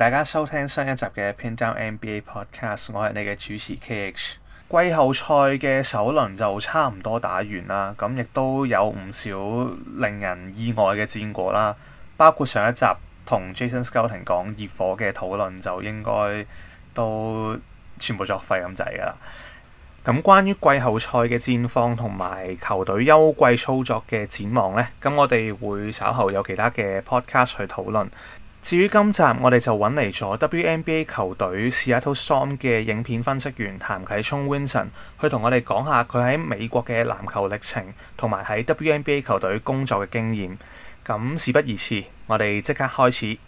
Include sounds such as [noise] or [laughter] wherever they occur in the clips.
大家收聽新一集嘅 Pindown NBA Podcast，我係你嘅主持 KH。季後賽嘅首輪就差唔多打完啦，咁亦都有唔少令人意外嘅戰果啦。包括上一集同 Jason Scouting 講熱火嘅討論，就應該都全部作廢咁滯㗎啦。咁關於季後賽嘅戰況同埋球隊休季操作嘅展望呢，咁我哋會稍後有其他嘅 Podcast 去討論。至於今集，我哋就揾嚟咗 WNBA 球隊 Seattle Storm 嘅影片分析員譚啟聰 Winson 去同我哋講下佢喺美國嘅籃球歷程，同埋喺 WNBA 球隊工作嘅經驗。咁事不宜遲，我哋即刻開始。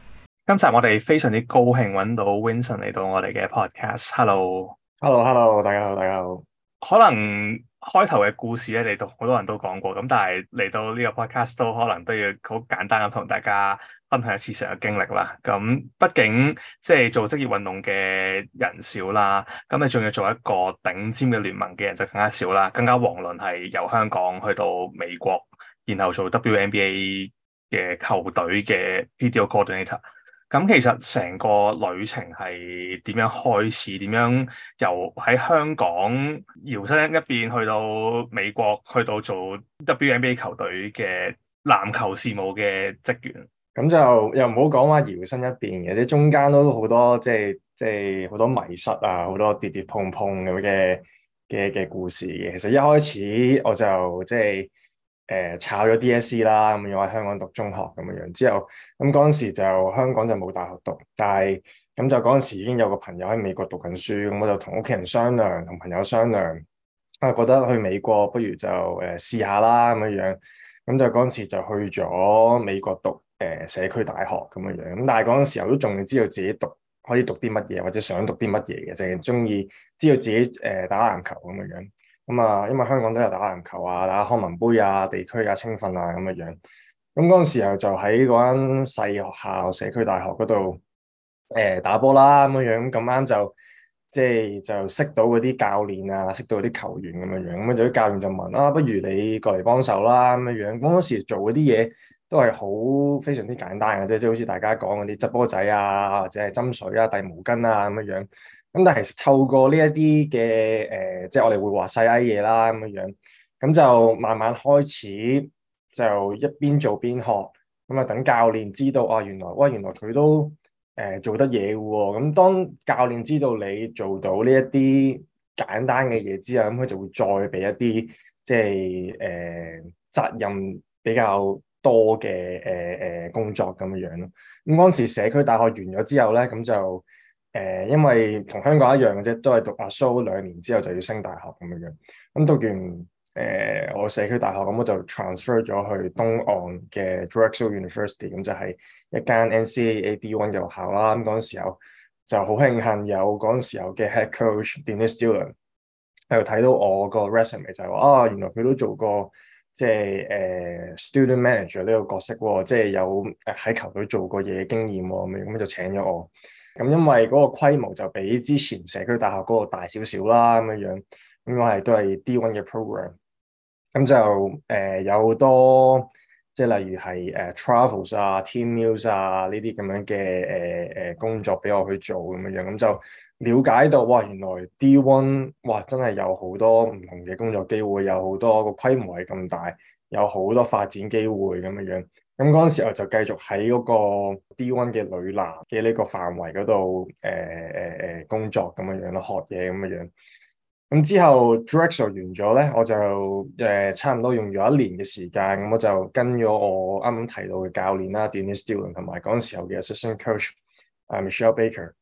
今集我哋非常之高興揾到 Winson 嚟到我哋嘅 podcast hello。Hello，Hello，Hello，hello，大家好，大家好。可能開頭嘅故事咧，你哋好多人都講過，咁但係嚟到呢個 podcast 都可能都要好簡單咁同大家。分享一次成日經歷啦，咁、嗯、畢竟即係做職業運動嘅人少啦，咁你仲要做一個頂尖嘅聯盟嘅人就更加少啦，更加遑論係由香港去到美國，然後做 WNBA 嘅球隊嘅 Video Coordinator。咁、嗯、其實成個旅程係點樣開始，點樣由喺香港搖身一變去到美國，去到做 WNBA 球隊嘅籃球事務嘅職員？咁就又唔好講話搖身一變嘅，即中間都好多即係即係好多迷失啊，好多跌跌碰碰咁嘅嘅嘅故事嘅。其實一開始我就即係誒炒咗 DSE 啦，咁我喺香港讀中學咁嘅樣之後，咁嗰陣時就香港就冇大學讀，但係咁就嗰陣時已經有個朋友喺美國讀緊書，咁我就同屋企人商量，同朋友商量，啊覺得去美國不如就誒試、呃、下啦咁嘅樣，咁就嗰陣時就去咗美國讀。誒，社區大學咁嘅樣，咁但係嗰陣時候都仲未知道自己讀可以讀啲乜嘢，或者想讀啲乜嘢嘅，就係中意知道自己誒打籃球咁嘅樣。咁啊，因為香港都有打籃球啊，打康文杯啊、地區啊、青訓啊咁嘅樣。咁嗰陣時候就喺嗰間細學校社區大學嗰度，誒打波啦咁嘅樣。咁啱就即係就識到嗰啲教練啊，識到嗰啲球員咁嘅樣。咁就啲教練就問啦，啊，不如你過嚟幫手啦咁嘅樣。嗰陣時做嗰啲嘢。都係好非常之簡單嘅啫，即係好似大家講嗰啲執波仔啊，或者係斟水啊、遞毛巾啊咁樣樣。咁但係透過呢一啲嘅誒，即係我哋會話細 I 嘢啦咁樣樣。咁就慢慢開始就一邊做邊學。咁啊，等教練知道啊，原來喂原來佢都誒、呃、做得嘢喎、啊。咁當教練知道你做到呢一啲簡單嘅嘢之後，咁佢就會再俾一啲即係誒、呃、責任比較多嘅誒誒工作咁樣咯。咁嗰陣時社區大學完咗之後咧，咁就誒、呃、因為同香港一樣嘅啫，都係讀阿蘇兩年之後就要升大學咁樣。咁讀完誒、呃、我社區大學咁，我就 transfer 咗去東岸嘅 Drexel University，咁就係一間 NCAA D One 嘅學校啦。咁嗰陣時候就好慶幸有嗰陣時候嘅 Head Coach Dennis Dillon，喺度睇到我個 resume 就係話啊，原來佢都做過。即係誒、uh, student manager 呢個角色喎，即係有喺球隊做過嘢經驗喎，咁就請咗我。咁因為嗰個規模就比之前社區大學嗰個大少少啦，咁樣樣，咁我係都係 D1 嘅 program。咁就誒、uh, 有好多，即係例如係誒、uh, travels 啊、team meals 啊呢啲咁樣嘅誒誒工作俾我去做咁樣樣，咁就。了解到哇，原來 D1 哇真係有好多唔同嘅工作機會，有好多個規模係咁大，有好多發展機會咁樣樣。咁嗰陣時候就繼續喺嗰個 D1 嘅女籃嘅呢個範圍嗰度誒誒誒工作咁樣樣咯，學嘢咁樣樣。咁之後 Drexel 完咗咧，我就誒、呃、差唔多用咗一年嘅時間，咁我就跟咗我啱啱提到嘅教練啦，Denise Dillon 同埋嗰陣時候嘅 assistant coach 阿 Michelle Baker。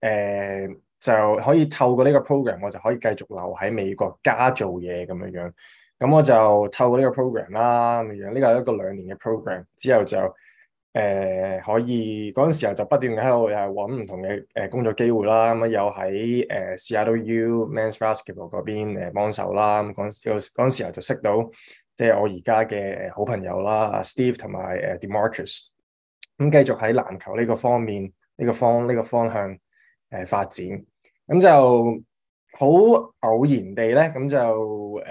誒、呃，就可以透過呢個 program，我就可以繼續留喺美國家做嘢咁樣樣。咁我就透過呢個 program 啦，咁樣呢個係一個兩年嘅 program 之後就誒、呃，可以嗰陣時候就不斷喺度又揾唔同嘅誒工作機會啦。咁又喺誒 Seattle U Men’s Basketball 嗰邊誒幫、呃、手啦。咁嗰時陣時候就識到即係我而家嘅誒好朋友啦，阿 Steve 同埋誒 Demarcus、嗯。咁繼續喺籃球呢個方面呢、這個方呢、這個方向誒發展，咁就好偶然地咧，咁就誒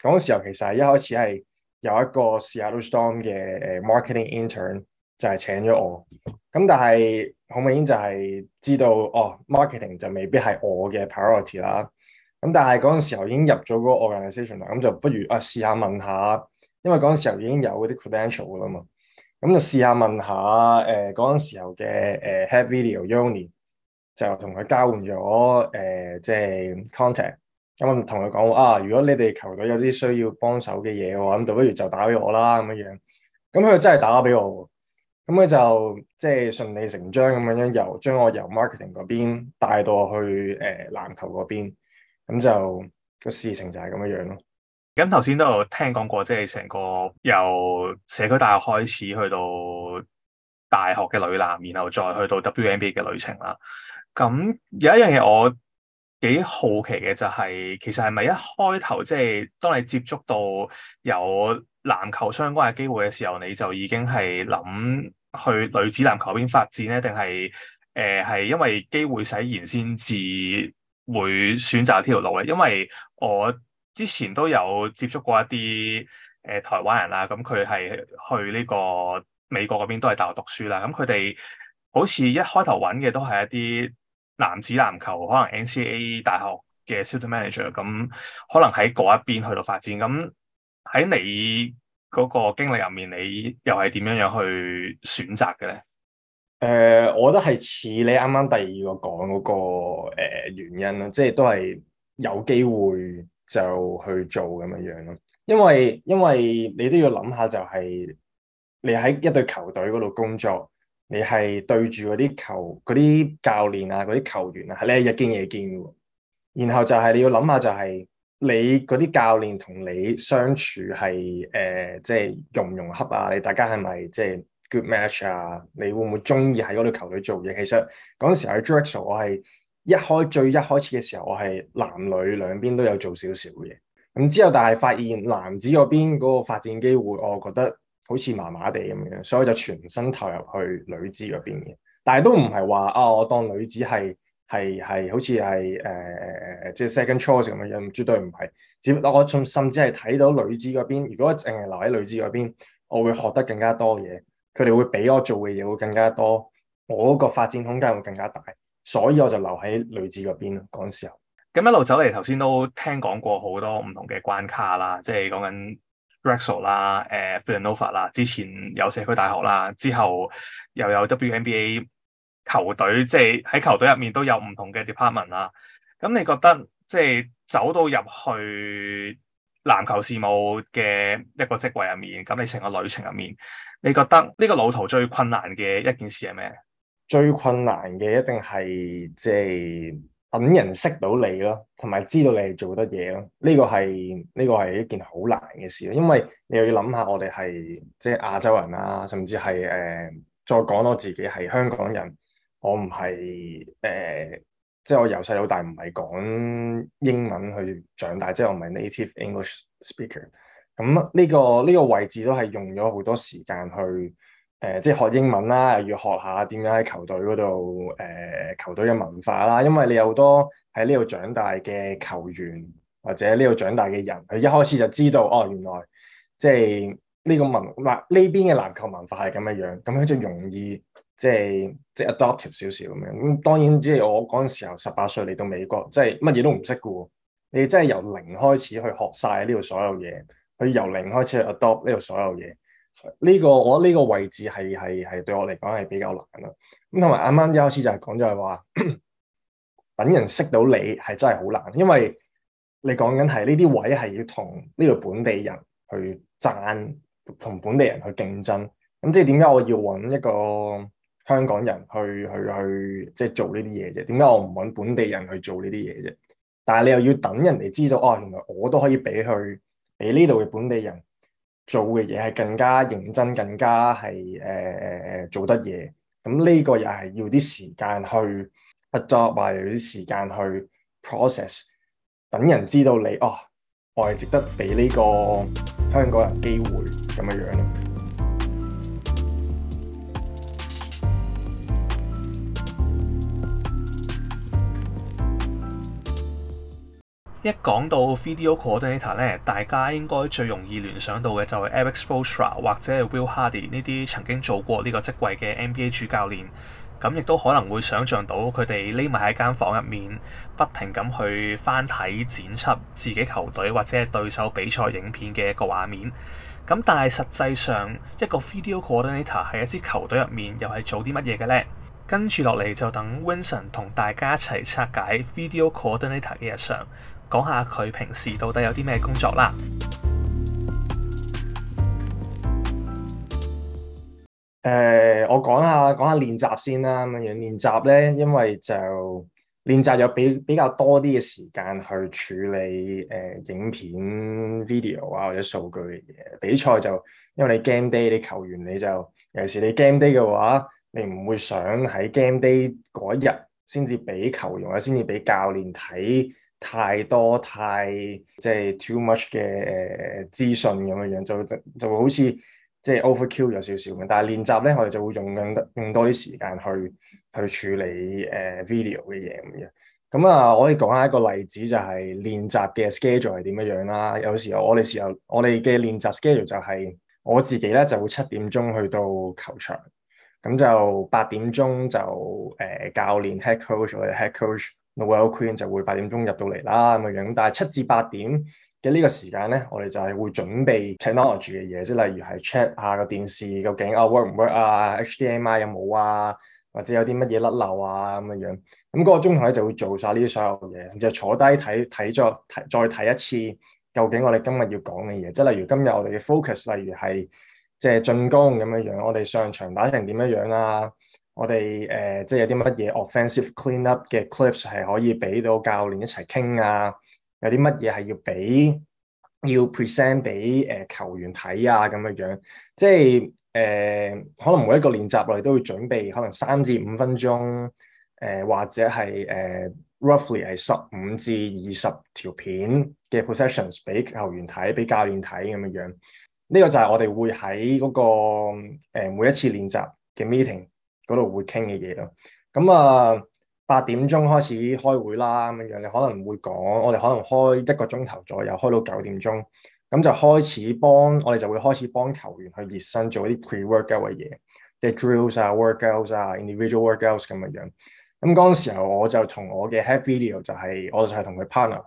嗰陣時候其實係一開始係有一個 Seattle Storm 嘅誒 marketing intern 就係請咗我，咁但係好明顯就係知道哦 marketing 就未必係我嘅 priority 啦，咁但係嗰陣時候已經入咗嗰個 organisation 啦，咁就不如啊試下問下，因為嗰陣時候已經有嗰啲 credential 啦嘛，咁就試下問下誒嗰陣時候嘅誒、呃、head video Yoni。就同佢交換咗誒，即、呃、係、就是、contact、嗯。咁我同佢講話啊，如果你哋球隊有啲需要幫手嘅嘢嘅話，咁就不如就打俾我啦，咁樣樣。咁、嗯、佢真係打俾我，咁、嗯、佢就即係順理成章咁樣樣，由將我由 marketing 嗰邊帶到我去誒籃、呃、球嗰邊，咁、嗯、就個事情就係咁樣樣咯。咁頭先都有聽講過，即係成個由社區大學開始去到大學嘅女籃，然後再去到 WNBA 嘅旅程啦。咁有一樣嘢我幾好奇嘅就係、是，其實係咪一開頭，即係當你接觸到有籃球相關嘅機會嘅時候，你就已經係諗去女子籃球嗰邊發展咧？定係誒係因為機會使然先至會選擇呢條路咧？因為我之前都有接觸過一啲誒、呃、台灣人啦、啊，咁佢係去呢個美國嗰邊都係大學讀書啦，咁佢哋好似一開頭揾嘅都係一啲。男子籃球可能 NCAA 大學嘅 s 銷售 manager，咁可能喺嗰一邊去到發展。咁喺你嗰個經歷入面，你又係點樣樣去選擇嘅咧？誒、呃，我覺得係似你啱啱第二個講嗰、那個誒、呃、原因咯，即係都係有機會就去做咁樣樣咯。因為因為你都要諗下、就是，就係你喺一隊球隊嗰度工作。你係對住嗰啲球、嗰啲教練啊、嗰啲球員啊，你係日見夜見嘅喎。然後就係你要諗下、就係，就係你嗰啲教練同你相處係誒，即係融唔融洽啊？你大家係咪即係 good match 啊？你會唔會中意喺嗰隊球隊做嘢？其實嗰陣時喺 Drexel，我係一開最一開始嘅時候，我係男女兩邊都有做少少嘅嘢。咁之後，但係發現男子嗰邊嗰個發展機會，我覺得。好似麻麻地咁樣，所以就全身投入去女子嗰邊嘅。但係都唔係話啊，我當女子係係係好似係誒，即係 Second Choice 咁嘅樣，絕對唔係。只不過我仲甚至係睇到女子嗰邊，如果淨係留喺女子嗰邊，我會學得更加多嘢。佢哋會俾我做嘅嘢會更加多，我個發展空間會更加大。所以我就留喺女子嗰邊嗰陣時候，咁一路走嚟，頭先都聽講過好多唔同嘅關卡啦，即係講緊。Brussels 啦，誒 Villanova 啦，之前有社區大學啦，uh, 之後又有 WNBA 球隊，即係喺球隊入面都有唔同嘅 department 啦、uh。咁你覺得即係走到入去籃球事務嘅一個職位入面，咁你成個旅程入面，你覺得呢個路途最困難嘅一件事係咩？最困難嘅一定係即係，就是等人識到你咯，同埋知道你係做得嘢咯。呢個係呢個係一件好難嘅事，因為你又要諗下我哋係即係亞洲人啦，甚至係誒、呃、再講我自己係香港人，我唔係誒即係我由細到大唔係講英文去長大，即係我唔係 native English speaker、這個。咁呢個呢個位置都係用咗好多時間去。誒、呃，即係學英文啦，又要學下點樣喺球隊嗰度，誒、呃、球隊嘅文化啦。因為你有好多喺呢度長大嘅球員，或者呢度長大嘅人，佢一開始就知道，哦，原來即係呢個文，嗱呢邊嘅籃球文化係咁嘅樣，咁佢就容易即係即係 adopt 少少咁樣。咁、就是、當然即係我嗰陣時候十八歲嚟到美國，即係乜嘢都唔識嘅喎，你真係由零開始去學晒呢度所有嘢，佢由零開始去 adopt 呢度所有嘢。呢、這個我呢個位置係係係對我嚟講係比較難啦。咁同埋啱啱一開始就係講就係話，等 [coughs] 人識到你係真係好難，因為你講緊係呢啲位係要同呢度本地人去爭，同本地人去競爭。咁即係點解我要揾一個香港人去去去即係、就是、做呢啲嘢啫？點解我唔揾本地人去做呢啲嘢啫？但係你又要等人哋知道，哦，原來我都可以比佢，比呢度嘅本地人。做嘅嘢係更加認真，更加係誒誒做得嘢。咁呢個又係要啲時間去 adopt，或者要啲時間去 process，等人知道你，哦，我係值得俾呢個香港人機會咁嘅樣。一講到 video coordinator 咧，大家應該最容易聯想到嘅就係 Erik Spoelstra 或者係 Will Hardy 呢啲曾經做過呢個職位嘅 NBA 主教練。咁亦都可能會想像到佢哋匿埋喺間房入面，不停咁去翻睇剪輯自己球隊或者係對手比賽影片嘅一個畫面。咁但係實際上一個 video coordinator 喺一支球隊入面又係做啲乜嘢嘅呢？跟住落嚟就等 Winson 同大家一齊拆解 video coordinator 嘅日常。講下佢平時到底有啲咩工作啦？誒，我講下講下練習先啦。咁樣練習咧，因為就練習有比比較多啲嘅時間去處理誒、呃、影片 video 啊或者數據嘅嘢。比賽就因為你 game day 啲球員你就尤其是你 game day 嘅話，你唔會想喺 game day 嗰一日先至俾球員或者，先至俾教練睇。太多太即係 too much 嘅誒、呃、資訊咁樣樣，就會就會好似即係 overkill 咗少少嘅。但係練習咧，我哋就會用緊用多啲時間去去處理誒、呃、video 嘅嘢咁樣。咁啊，我哋講下一個例子就係練習嘅 schedule 係點樣樣啦。有時候我哋時候我哋嘅練習 schedule 就係我自己咧就會七點鐘去到球場，咁就八點鐘就誒、呃、教練 head coach 或者 head coach。Noelle Quinn 就會八點鐘入到嚟啦咁嘅樣，但係七至八點嘅呢個時間咧，我哋就係會準備 technology 嘅嘢，即係例如係 check 下個電視究竟啊 work 唔 work 啊 HDMI 有冇啊，或者有啲乜嘢甩漏啊咁嘅樣。咁、那、嗰個鐘頭咧就會做晒呢啲所有嘅嘢，就坐低睇睇咗，睇再睇一次究竟我哋今日要講嘅嘢，即係例如今日我哋嘅 focus，例如係即係進攻咁嘅樣，我哋上場打成點樣樣啊？我哋誒、呃、即係有啲乜嘢 offensive clean up 嘅 clips 係可以俾到教練一齊傾啊？有啲乜嘢係要俾要 present 俾誒、呃、球員睇啊？咁嘅樣，樣即係誒、呃、可能每一個練習我哋都要準備可能三至五分鐘誒、呃，或者係誒、呃、roughly 係十五至二十條片嘅 processions 俾球員睇，俾教練睇咁嘅樣，樣。呢、這個就係我哋會喺嗰、那個、呃、每一次練習嘅 meeting。嗰度會傾嘅嘢咯，咁啊八點鐘開始開會啦，咁樣樣你可能會講，我哋可能開一個鐘頭左右，開到九點鐘，咁就開始幫我哋就會開始幫球員去熱身做啲 pre-workout 嘅嘢，即係 drills 啊，workouts 啊，individual workouts 咁嘅樣。咁嗰陣時候我就同我嘅 head video 就係、是、我就係同佢 partner。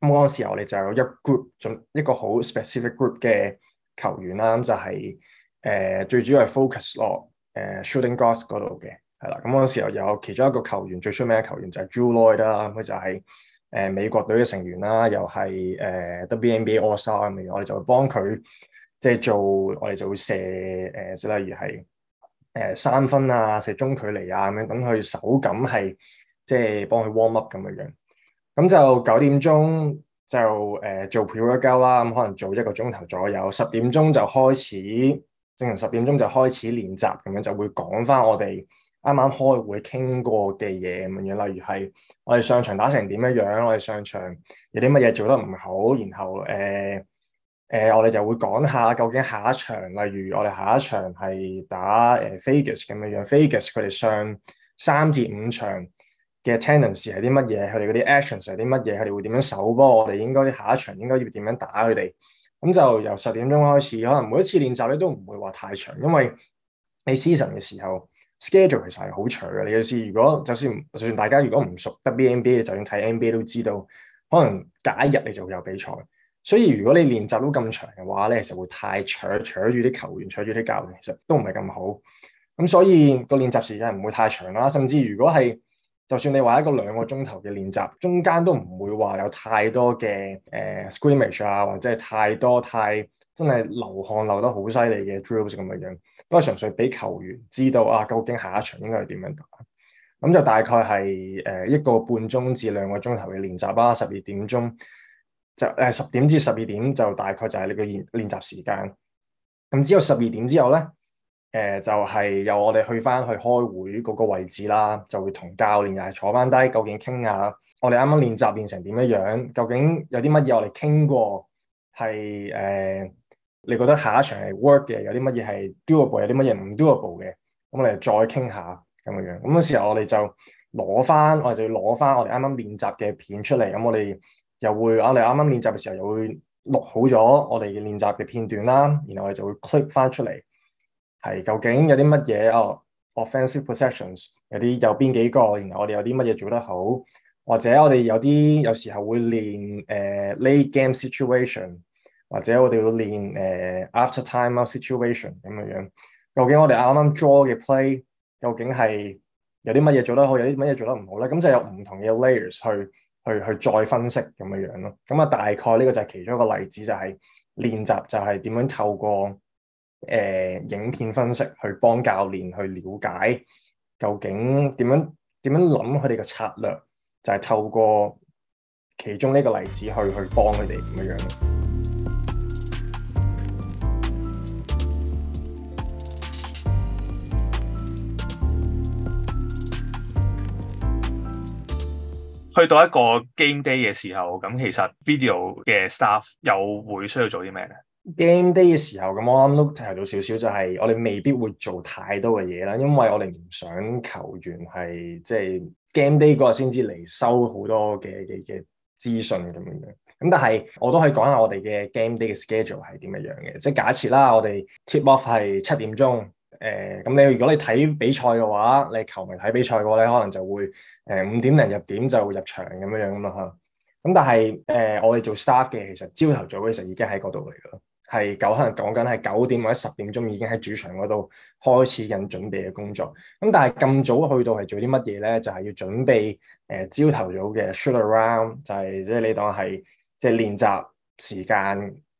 咁嗰陣時候，我哋就有一 group，準一個好 specific group 嘅球員啦，咁就係、是、誒、呃、最主要係 focus 落。誒、呃、，shooting guard 嗰度嘅，係啦，咁、那、嗰、個、時候有其中一個球員最出名嘅球員就係 Jewell Loyd 啦、就是，佢就係誒美國隊嘅成員啦，又係誒、呃、WNBA All Star 咁樣，我哋就幫佢即係做，我哋就會射，誒、呃、即例如係誒三分啊，射中距離啊，咁樣等佢手感係即係幫佢 warm up 咁樣樣，咁就九點鐘就誒、呃、做 pre-workout 啦，咁可能做一個鐘頭左右，十點鐘就開始。正常十點鐘就開始練習咁樣，就會講翻我哋啱啱開會傾過嘅嘢咁樣，例如係我哋上場打成點樣樣，我哋上場有啲乜嘢做得唔好，然後誒誒、呃呃，我哋就會講下究竟下一場，例如我哋下一場係打誒 Vegas 咁樣樣，Vegas 佢哋上三至五場嘅 tendencies 係啲乜嘢，佢哋嗰啲 actions 係啲乜嘢，佢哋會點樣守波，我哋應該下一場應該要點樣打佢哋。咁就由十點鐘開始，可能每一次練習咧都唔會話太長，因為你 season 嘅時候 schedule 其實係好長嘅。你試，如果就算就算大家如果唔熟得 WNBA 就算睇 NBA 都知道，可能隔一日你就會有比賽。所以如果你練習都咁長嘅話咧，就會太扯扯住啲球員，扯住啲教練，其實都唔係咁好。咁所以個練習時間唔會太長啦。甚至如果係就算你話一個兩個鐘頭嘅練習，中間都唔會話有太多嘅誒 scrimmage 啊，或者係太多太真係流汗流得好犀利嘅 drills 咁嘅樣，都係純粹俾球員知道啊，究竟下一場應該係點樣打。咁就大概係誒一個半鐘至兩個鐘頭嘅練習啦，啊，十二點鐘就誒十、uh, 點至十二點就大概就係你嘅練練習時間。咁只有十二點之後咧。誒、呃、就係、是、由我哋去翻去開會嗰個位置啦，就會同教練又係坐翻低，究竟傾下我哋啱啱練習練成點樣？究竟有啲乜嘢我哋傾過係誒、呃？你覺得下一場係 work 嘅，有啲乜嘢係 doable，有啲乜嘢唔 doable 嘅？咁我哋再傾下咁嘅樣樣。咁、那、嗰、個、時候我哋就攞翻，我哋就要攞翻我哋啱啱練習嘅片出嚟。咁我哋又會、啊、我哋啱啱練習嘅時候又會錄好咗我哋嘅練習嘅片段啦，然後我哋就會 clip 翻出嚟。係究竟有啲乜嘢哦？Offensive possessions 有啲有邊幾個？然後我哋有啲乜嘢做得好？或者我哋有啲有時候會練誒、uh, late game situation，或者我哋會練誒、uh, after timeout situation 咁樣樣。究竟我哋啱啱 draw 嘅 play 究竟係有啲乜嘢做得好，有啲乜嘢做得唔好咧？咁就有唔同嘅 layers 去去去再分析咁樣樣咯。咁啊，大概呢個就係其中一個例子，就係、是、練習就係點樣透過。誒、呃，影片分析去幫教練去了解究竟點樣點樣諗佢哋嘅策略，就係、是、透過其中呢個例子去去幫佢哋咁樣樣。去到一個 game day 嘅時候，咁其實 video 嘅 staff 又會需要做啲咩咧？Game Day 嘅時候咁，我啱啱都提到少少，就係我哋未必會做太多嘅嘢啦，因為我哋唔想球員係即係 Game Day 嗰日先至嚟收好多嘅嘅嘅資訊咁樣樣。咁但係我都可以講下我哋嘅 Game Day 嘅 schedule 係點樣樣嘅，即係假設啦，我哋 Tip Off 係七點鐘，誒咁你如果你睇比賽嘅話，你球迷睇比賽嘅話咧，你可能就會誒五點零入點就會入場咁樣樣啊嘛嚇。咁但係誒、呃、我哋做 staff 嘅其實朝頭早，上早上其實已經喺嗰度嚟嘅咯。係九，9, 可能講緊係九點或者十點鐘已經喺主場嗰度開始緊準備嘅工作。咁但係咁早去到係做啲乜嘢咧？就係、是、要準備誒朝頭早嘅 shootaround，就係即係你當係即係練習時間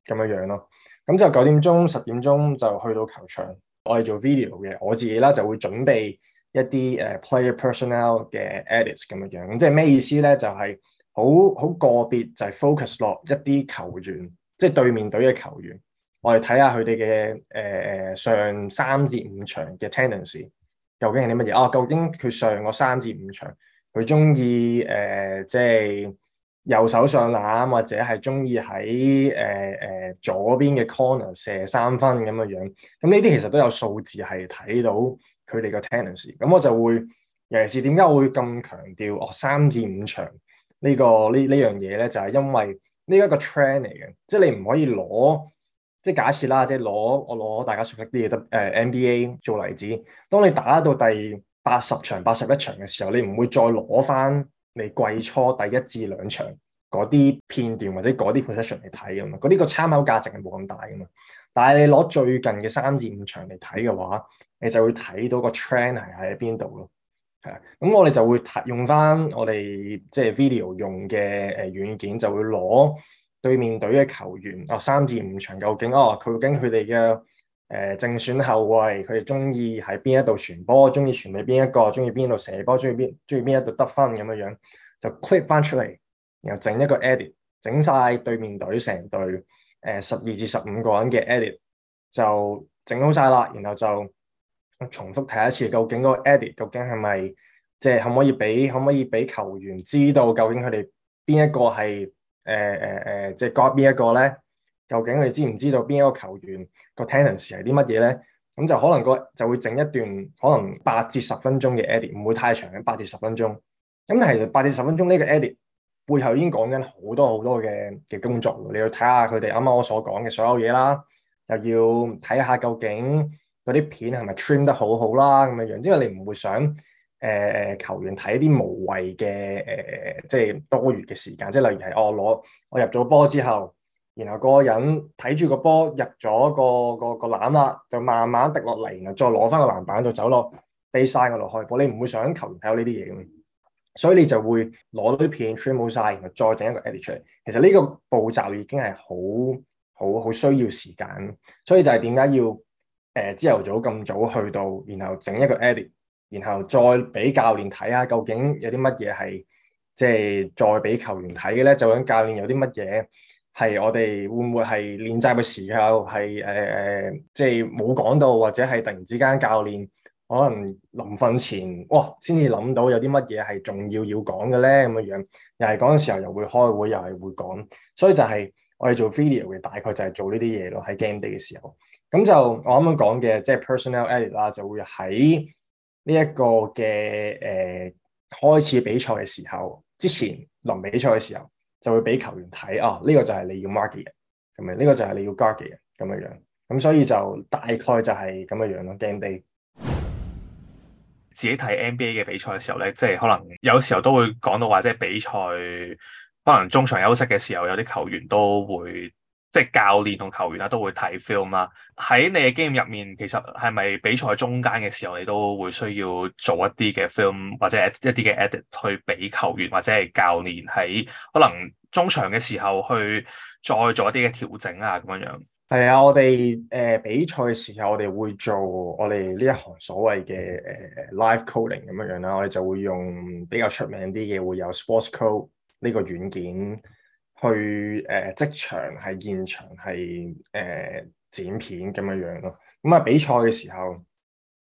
咁樣這樣咯。咁就九點鐘、十點鐘就去到球場，我係做 video 嘅，我自己啦就會準備一啲誒、uh, player personnel 嘅 edits 咁樣樣。咁即係咩意思咧？就係好好個別就係 focus 落一啲球員。即係對面隊嘅球員，我哋睇下佢哋嘅誒誒上三至五場嘅 tendency 究竟係啲乜嘢？哦，究竟佢上個三至五場，佢中意誒即係右手上籃，或者係中意喺誒誒左邊嘅 corner 射三分咁嘅樣。咁呢啲其實都有數字係睇到佢哋嘅 tendency。咁我就會，尤其是點解我會咁強調哦三至五場、這個這個這個、呢個呢呢樣嘢咧？就係、是、因為。呢一個 trend 嚟嘅，即係你唔可以攞，即係假設啦，即係攞我攞大家熟悉啲嘢，得誒、呃、NBA 做例子。當你打到第八十場、八十一場嘅時候，你唔會再攞返你季初第一至兩場嗰啲片段或者嗰啲 position 嚟睇噶嘛。嗰啲個參考價值係冇咁大噶嘛。但係你攞最近嘅三至五場嚟睇嘅話，你就會睇到個 trend 係喺邊度咯。係咁、嗯、我哋就會用翻我哋即係 video 用嘅誒軟件，就會攞對面隊嘅球員哦，三至五場究竟哦，究竟佢哋嘅誒正選後衛，佢哋中意喺邊一度傳波，中意傳俾邊一個，中意邊度射波，中意邊中意邊一度得分咁嘅樣，就 clip 翻出嚟，然後整一個 edit，整晒對面隊成隊誒十二至十五個人嘅 edit 就整好晒啦，然後就。重複睇一次，究竟個 edit 究竟係咪，即係可唔可以俾可唔可以俾球員知道究竟佢哋邊一個係誒誒誒，即係割邊一個咧？究竟佢哋知唔知道邊一個球員個 tendency 係啲乜嘢咧？咁就可能個就會整一段可能八至十分鐘嘅 edit，唔會太長嘅，八至十分鐘。咁其實八至十分鐘呢個 edit 背後已經講緊好多好多嘅嘅工作，你要睇下佢哋啱啱我所講嘅所有嘢啦，又要睇下究竟。嗰啲片係咪 trim 得好好啦？咁嘅樣，因為你唔會想誒誒、呃、球員睇啲無謂嘅誒即係多餘嘅時間。即係例如係我攞我入咗波之後，然後嗰個人睇住個波入咗個個個籃啦，就慢慢滴落嚟，然後再攞翻個籃板就走落，baseline 度開波。你唔會想球員睇到呢啲嘢嘅，所以你就會攞到啲片 trim 好晒，然後再整一個 edit 出嚟。其實呢個步驟已經係好好好需要時間，所以就係點解要？誒，朝頭早咁早去到，然後整一個 edit，然後再俾教練睇下究竟有啲乜嘢係即係再俾球員睇嘅咧，究竟教練有啲乜嘢係我哋會唔會係練習嘅時候係誒誒，即係冇講到，或者係突然之間教練可能臨瞓前哇，先至諗到有啲乜嘢係重要要講嘅咧咁嘅樣，又係嗰陣時候又會開會，又係會講，所以就係我哋做 video 嘅，大概就係做呢啲嘢咯，喺 game day 嘅時候。咁就我啱啱講嘅，即係 personal edit 啦，就會喺呢一個嘅誒、呃、開始比賽嘅時候，之前臨比賽嘅時候，就會俾球員睇哦，呢、啊這個就係你要 market 嘅，咁樣呢個就係你要 a r 加嘅，咁嘅樣。咁所以就大概就係咁嘅樣咯。Game Day 自己睇 NBA 嘅比賽嘅時候咧，即係可能有時候都會講到話，即係比賽可能中場休息嘅時候，有啲球員都會。即係教練同球員啦，都會睇 film 啦。喺你嘅 game 入面，其實係咪比賽中間嘅時候，你都會需要做一啲嘅 film 或者一啲嘅 edit 去俾球員或者係教練喺可能中場嘅時候去再做一啲嘅調整啊，咁樣樣。係啊，我哋誒比賽嘅時候，我哋會做我哋呢一行所謂嘅誒、呃、live coding 咁樣樣啦。我哋就會用比較出名啲嘅，會有 Sports Code 呢個軟件。去誒即、呃、場係現場係誒、呃、剪片咁樣樣咯，咁啊比賽嘅時候，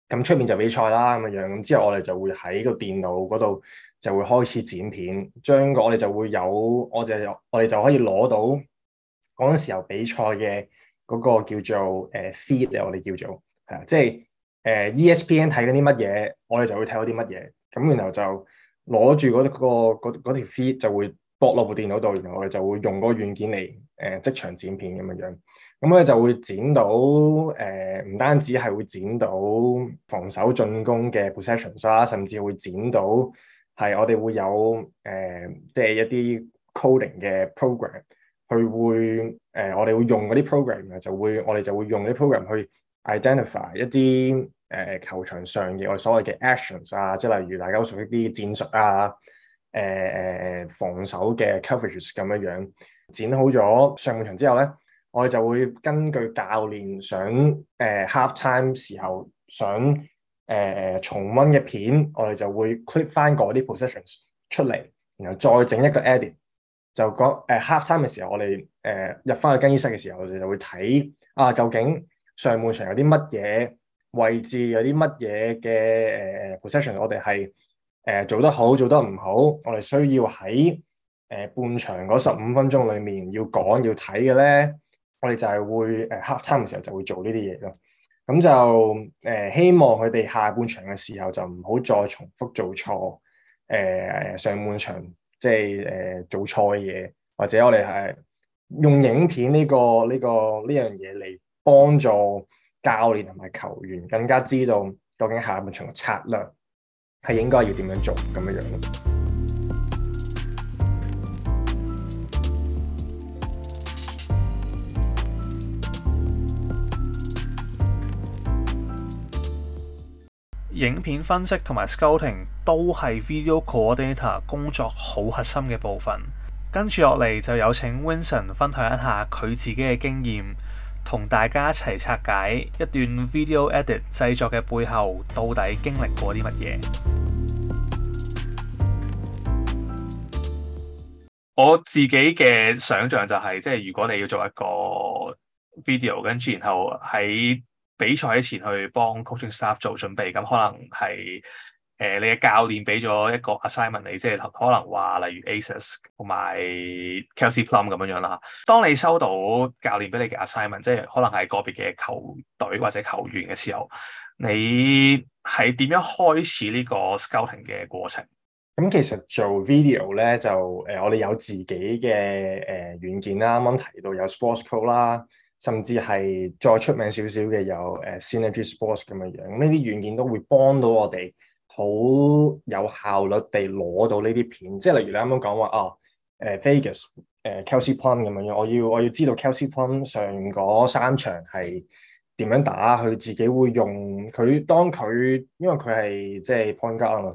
咁出面就比賽啦咁樣，咁之後我哋就會喺個電腦嗰度就會開始剪片，將個我哋就會有我哋，我哋就可以攞到嗰陣時候比賽嘅嗰個叫做誒 feed 啊，我哋叫做係啊，即係誒 ESPN 睇緊啲乜嘢，我哋就會睇到啲乜嘢，咁然後就攞住嗰個嗰、嗰個嗰個、條 feed 就會，落部電腦度，然後我哋就會用嗰個軟件嚟誒即場剪片咁樣樣，咁咧就會剪到誒，唔、呃、單止係會剪到防守進攻嘅 possessions 啦，甚至會剪到係我哋會有誒、呃，即係一啲 coding 嘅 program 佢會誒、呃，我哋會用嗰啲 program 啊，就會我哋就會用啲 program 去 identify 一啲誒、呃、球場上嘅我所謂嘅 actions 啊，即係例如大家好熟悉啲戰術啊。誒誒誒防守嘅 coverages，咁樣樣，剪好咗上半場之後咧，我哋就會根據教練想誒、呃、half time 時候想誒、呃、重溫嘅片，我哋就會 clip 翻嗰啲 positions 出嚟，然後再整一個 edit，就講誒、呃、half time 嘅時、呃、時候，我哋誒入翻去更衣室嘅時候，我哋就會睇啊，究竟上半場有啲乜嘢位置，有啲乜嘢嘅誒、呃、position，我哋係。誒、呃，做得好，做得唔好，我哋需要喺誒、呃、半場嗰十五分鐘裏面要講要睇嘅咧，我哋就係會誒客餐嘅時候就會做呢啲嘢咯。咁就誒、呃、希望佢哋下半場嘅時候就唔好再重複做錯。誒、呃，上半場即係誒做錯嘅嘢，或者我哋係用影片呢個呢個呢樣嘢嚟幫助教練同埋球員更加知道究竟下半場嘅策略，係應該要點樣做咁樣樣。影片分析同埋 scouting 都係 video coordinator 工作好核心嘅部分。跟住落嚟就有請 Winson 分享一下佢自己嘅經驗。同大家一齊拆解一段 video edit 製作嘅背後到底經歷過啲乜嘢？我自己嘅想象就係，即係如果你要做一個 video，跟住然後喺比賽之前去幫 coaching staff 做準備，咁可能係。誒、呃，你嘅教練俾咗一個 assignment 你，即係可能話例如 Aces 同埋 Kelsey Plum 咁樣樣啦。當你收到教練俾你嘅 assignment，即係可能係個別嘅球隊或者球員嘅時候，你係點樣開始呢個 scouting 嘅過程？咁、嗯、其實做 video 咧，就誒、呃，我哋有自己嘅誒、呃、軟件啦。啱啱提到有 Sportscode 啦，甚至係再出名少少嘅有誒 Synergy Sports 咁樣樣。呢、嗯、啲軟件都會幫到我哋，好有效率地攞到呢啲片，即係例如你啱啱講話啊，誒 Vegas、啊、誒 Kelsey Plum 咁樣，我要我要知道 Kelsey Plum 上嗰三場係點樣打，佢自己會用佢當佢，因為佢係即係 point guard 啊嘛，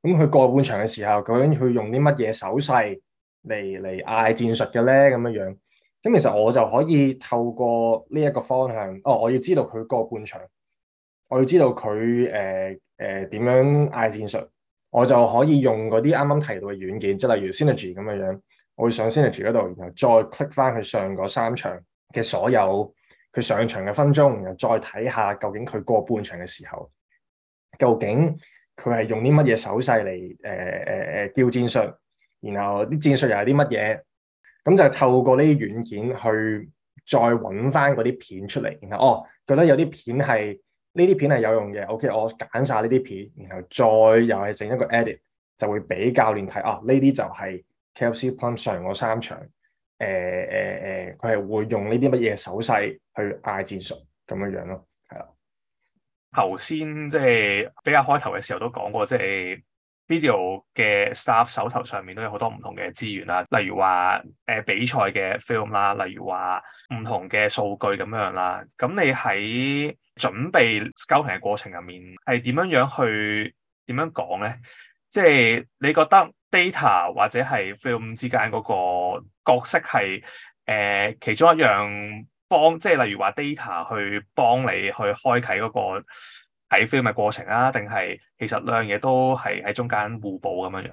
咁、嗯、佢過半場嘅時候究竟佢用啲乜嘢手勢嚟嚟嗌戰術嘅咧？咁樣樣，咁其實我就可以透過呢一個方向，哦，我要知道佢過半場。我要知道佢誒誒點樣嗌戰術，我就可以用嗰啲啱啱提到嘅軟件，即係例如 Synergy 咁嘅樣。我會上 Synergy 嗰度，然後再 click 翻佢上嗰三場嘅所有佢上場嘅分鐘，然後再睇下究竟佢過半場嘅時候，究竟佢係用啲乜嘢手勢嚟誒誒誒叫戰術，然後啲戰術又係啲乜嘢？咁就透過呢啲軟件去再揾翻嗰啲片出嚟，然後哦覺得有啲片係。呢啲片係有用嘅，OK，我揀晒呢啲片，然後再又係整一個 edit，就會畀教練睇。啊，呢啲就係 KFC Punch、um、上嗰三場，誒誒誒，佢、呃、係、呃、會用呢啲乜嘢手勢去嗌戰術咁樣樣咯，係啊。頭先即係比較開頭嘅時候都講過、就是，即係。video 嘅 staff 手頭上面都有好多唔同嘅資源啦，例如話誒、呃、比賽嘅 film 啦，例如話唔同嘅數據咁樣啦。咁你喺準備 scouting 嘅過程入面，係點樣樣去點樣講咧？即係你覺得 data 或者係 film 之間嗰個角色係誒、呃、其中一樣幫，即係例如話 data 去幫你去開啟嗰、嗰個。睇 film 嘅過程啊，定係其實兩樣嘢都係喺中間互補咁樣樣？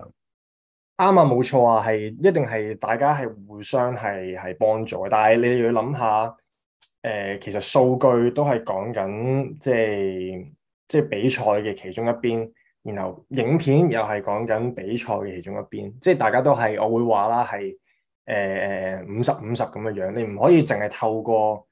啱啊，冇錯啊，係一定係大家係互相係係幫助嘅。但係你要諗下，誒、呃、其實數據都係講緊即係即係比賽嘅其中一邊，然後影片又係講緊比賽嘅其中一邊。即係大家都係，我會話啦，係誒誒五十五十咁嘅樣。你唔可以淨係透過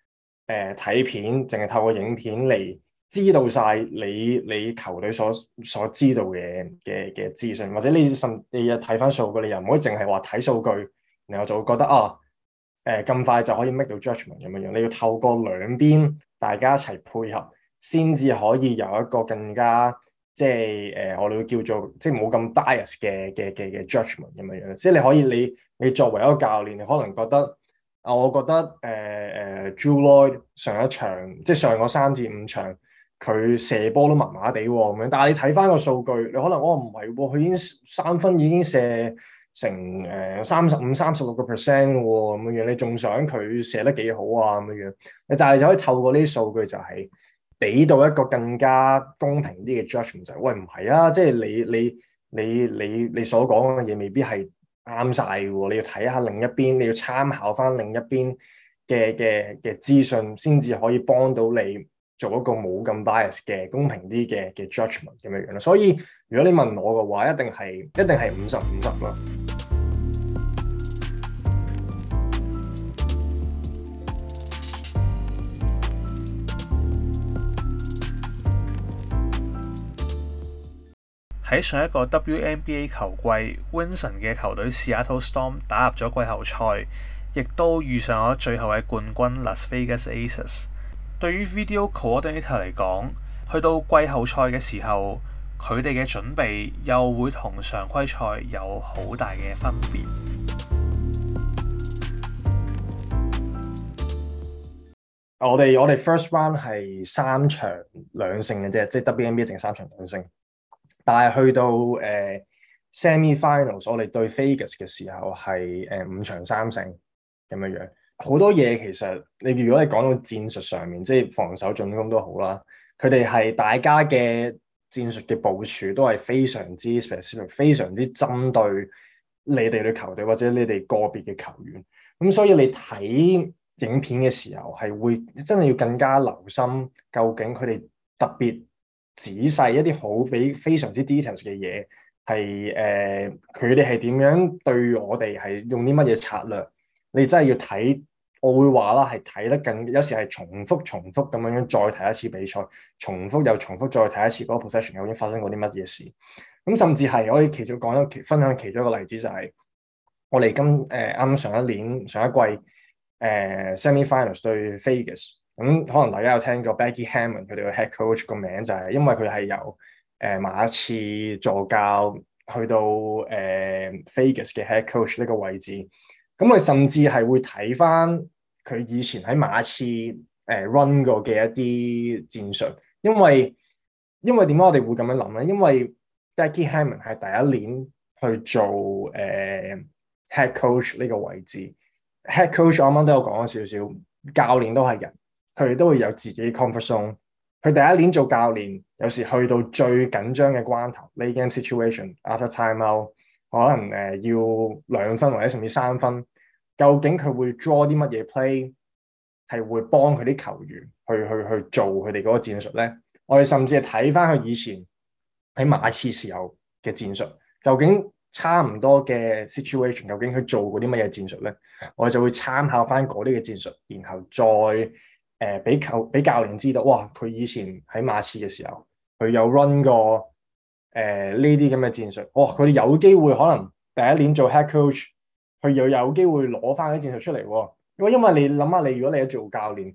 誒睇、呃、片，淨係透過影片嚟。知道晒你你球隊所所知道嘅嘅嘅資訊，或者你甚你又睇翻數據，你又唔可以淨係話睇數據，然後就會覺得啊，誒、呃、咁快就可以 make 到 judgment 咁樣樣。你要透過兩邊大家一齊配合，先至可以有一個更加即係誒、呃、我哋會叫做即係冇咁 bias 嘅嘅嘅嘅 judgment 咁樣樣。即係你可以你你作為一個教練，你可能覺得我覺得誒誒 Jewell Loyd 上一場即係上個三至五場。佢射波都麻麻地喎，咁樣。但係你睇翻個數據，你可能我唔係喎，佢、哦哦、已經三分已經射成誒三十五、三十六個 percent 喎，咁樣、嗯。你仲想佢射得幾好啊？咁樣。你就係可以透過呢啲數據、就是，就係俾到一個更加公平啲嘅 judgement 就係、是，喂唔係啊，即、就、係、是、你你你你你所講嘅嘢未必係啱晒喎，你要睇下另一邊，你要參考翻另一邊嘅嘅嘅資訊，先至可以幫到你。做一個冇咁 bias 嘅公平啲嘅嘅 j u d g m e n t 咁樣樣啦，所以如果你問我嘅話，一定係一定係五十五十啦。喺上一個 WNBA 球季 w i n s o n 嘅球隊 Seattle Storm 打入咗季後賽，亦都遇上咗最後嘅冠軍 Las Vegas Aces。對於 Video Coordinator 嚟講，去到季後賽嘅時候，佢哋嘅準備又會同常規賽有好大嘅分別。我哋我哋 First Round 係三場兩勝嘅啫，即係 WNBA 剩三場兩勝。但係去到誒 Semi Finals，我哋對 Vegas 嘅時候係誒五場三勝咁樣樣。好多嘢，其實你如果你講到戰術上面，即係防守進攻都好啦，佢哋係大家嘅戰術嘅部署都係非，非常之 special，非常之針對你哋嘅球隊或者你哋個別嘅球員。咁所以你睇影片嘅時候係會真係要更加留心，究竟佢哋特別仔細一啲好比非常之 details 嘅嘢係，誒，佢哋係點樣對我哋係用啲乜嘢策略？你真係要睇。我會話啦，係睇得更，有時係重複重複咁樣樣再睇一次比賽，重複又重複再睇一次嗰個 possession 究竟發生過啲乜嘢事。咁甚至係我以其中講一其分享其中一個例子就係、是、我哋今誒啱啱上一年上一季誒 semi finals 對 Vegas，咁、呃、可能大家有聽過 Becky Hammon 佢哋個 head coach 個名就係、是、因為佢係由誒、呃、馬刺助教去到誒 Vegas 嘅 head coach 呢個位置。咁佢甚至係會睇翻佢以前喺馬刺誒 run 過嘅一啲戰術，因為因為點解我哋會咁樣諗咧？因為 Becky Hammon 係第一年去做誒、呃、head coach 呢個位置，head coach 我啱啱都有講咗少少，教練都係人，佢哋都會有自己 comfort zone。佢第一年做教練，有時去到最緊張嘅關頭 late game situation after timeout。可能誒要兩分或者甚至三分，究竟佢會 draw 啲乜嘢 play，係會幫佢啲球員去去去做佢哋嗰個戰術咧？我哋甚至係睇翻佢以前喺馬刺時候嘅戰術，究竟差唔多嘅 situation，究竟佢做過啲乜嘢戰術咧？我哋就會參考翻嗰啲嘅戰術，然後再誒俾球俾教練知道，哇！佢以前喺馬刺嘅時候，佢有 run 過。誒，呢啲咁嘅戰術，哇！佢哋有機會可能第一年做 head coach，佢又有機會攞翻啲戰術出嚟、哦。因為因為你諗下，你如果你做教練，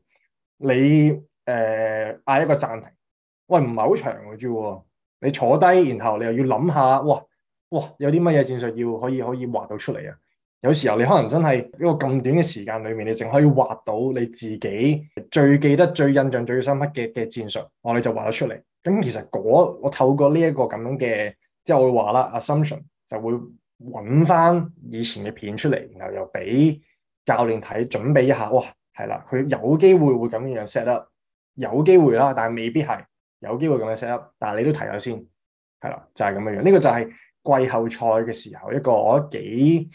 你誒嗌、呃、一個暫停，喂，唔係好長嘅啫、哦。你坐低，然後你又要諗下，哇，哇，有啲乜嘢戰術要可以可以畫到出嚟啊？有時候你可能真係一個咁短嘅時間裏面，你淨可以畫到你自己最記得、最印象、最深刻嘅嘅戰術，我哋就畫咗出嚟。咁其實我透過呢一個咁樣嘅，即係我話啦，assumption 就會揾翻以前嘅片出嚟，然後又俾教練睇，準備一下。哇，係啦，佢有機會會咁樣 set up，有機會啦，但係未必係有機會咁樣 set up。但係你都睇下先，係啦，就係咁樣樣。呢個就係季後賽嘅時候一個我幾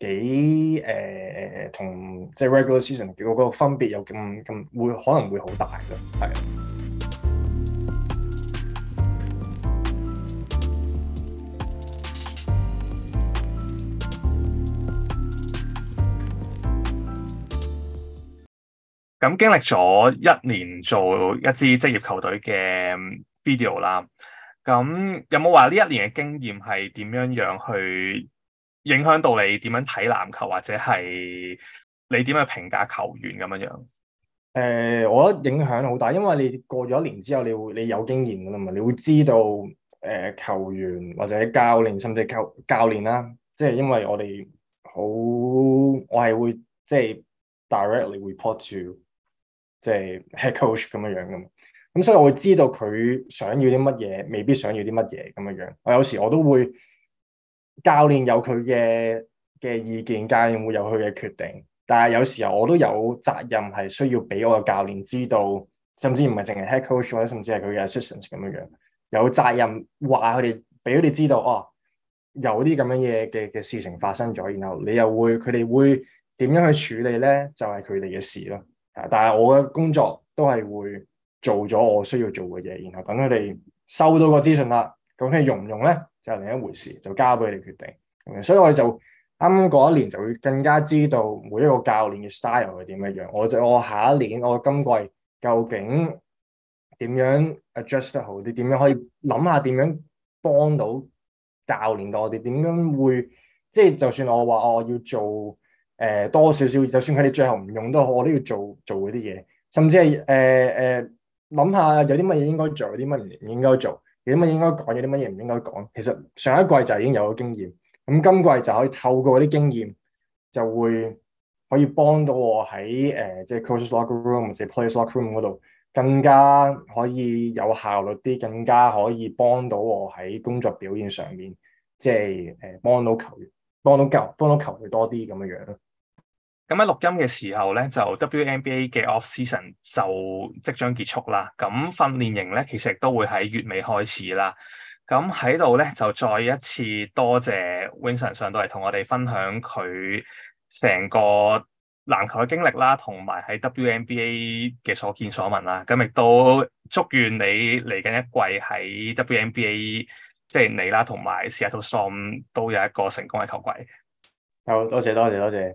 幾誒同即係 regular season 嗰個分別又咁咁會可能會好大咯，係。咁經歷咗一年做一支職業球隊嘅 video 啦，咁有冇話呢一年嘅經驗係點樣樣去影響到你點樣睇籃球或者係你點樣去評價球員咁樣樣？誒、呃，我覺得影響好大，因為你過咗一年之後，你會你有經驗噶啦嘛，你會知道誒、呃、球員或者教練，甚至教教練啦、啊，即、就、係、是、因為我哋好，我係會即係、就是、directly report to。即係 head coach 咁樣樣噶嘛，咁所以我會知道佢想要啲乜嘢，未必想要啲乜嘢咁樣樣。我有時我都會，教練有佢嘅嘅意見，教練會有佢嘅決定。但係有時候我都有責任係需要俾我個教練知道，甚至唔係淨係 head coach 或者甚至係佢嘅 assistant 咁樣樣，有責任話佢哋俾佢哋知道哦，有啲咁樣嘢嘅嘅事情發生咗，然後你又會佢哋會點樣去處理咧，就係佢哋嘅事咯。但係我嘅工作都係會做咗我需要做嘅嘢，然後等佢哋收到個資訊啦。咁你用唔用咧，就另一回事，就交俾佢哋決定。所以我就啱嗰、嗯、一年就會更加知道每一個教練嘅 style 係點樣。我就我下一年我今季究竟點樣 adjust 得好啲？點樣可以諗下點樣幫到教練多啲，哋？點樣會即係就算我話、哦、我要做。誒、呃、多少少，就算佢哋最後唔用都好，我都要做做嗰啲嘢，甚至係誒誒諗下有啲乜嘢應該做，有啲乜嘢唔應該做，有啲乜嘢應該講，有啲乜嘢唔應該講。其實上一季就已經有咗經驗，咁今季就可以透過啲經驗就會可以幫到我喺誒、呃、即係 closing locker room 或者 play locker room 嗰度，更加可以有效率啲，更加可以幫到我喺工作表現上面，即係誒、呃、幫到球員，幫到教，幫到球隊多啲咁樣樣。咁喺錄音嘅時候咧，就 WNBA 嘅 off season 就即將結束啦。咁訓練營咧，其實都會喺月尾開始啦。咁喺度咧，就再一次多謝 Winson 上到嚟同我哋分享佢成個籃球嘅經歷啦，同埋喺 WNBA 嘅所見所聞啦。咁亦都祝願你嚟緊一季喺 WNBA 即係你啦，同埋 Seattle Storm 都有一個成功嘅球季。好多謝，多謝，多謝。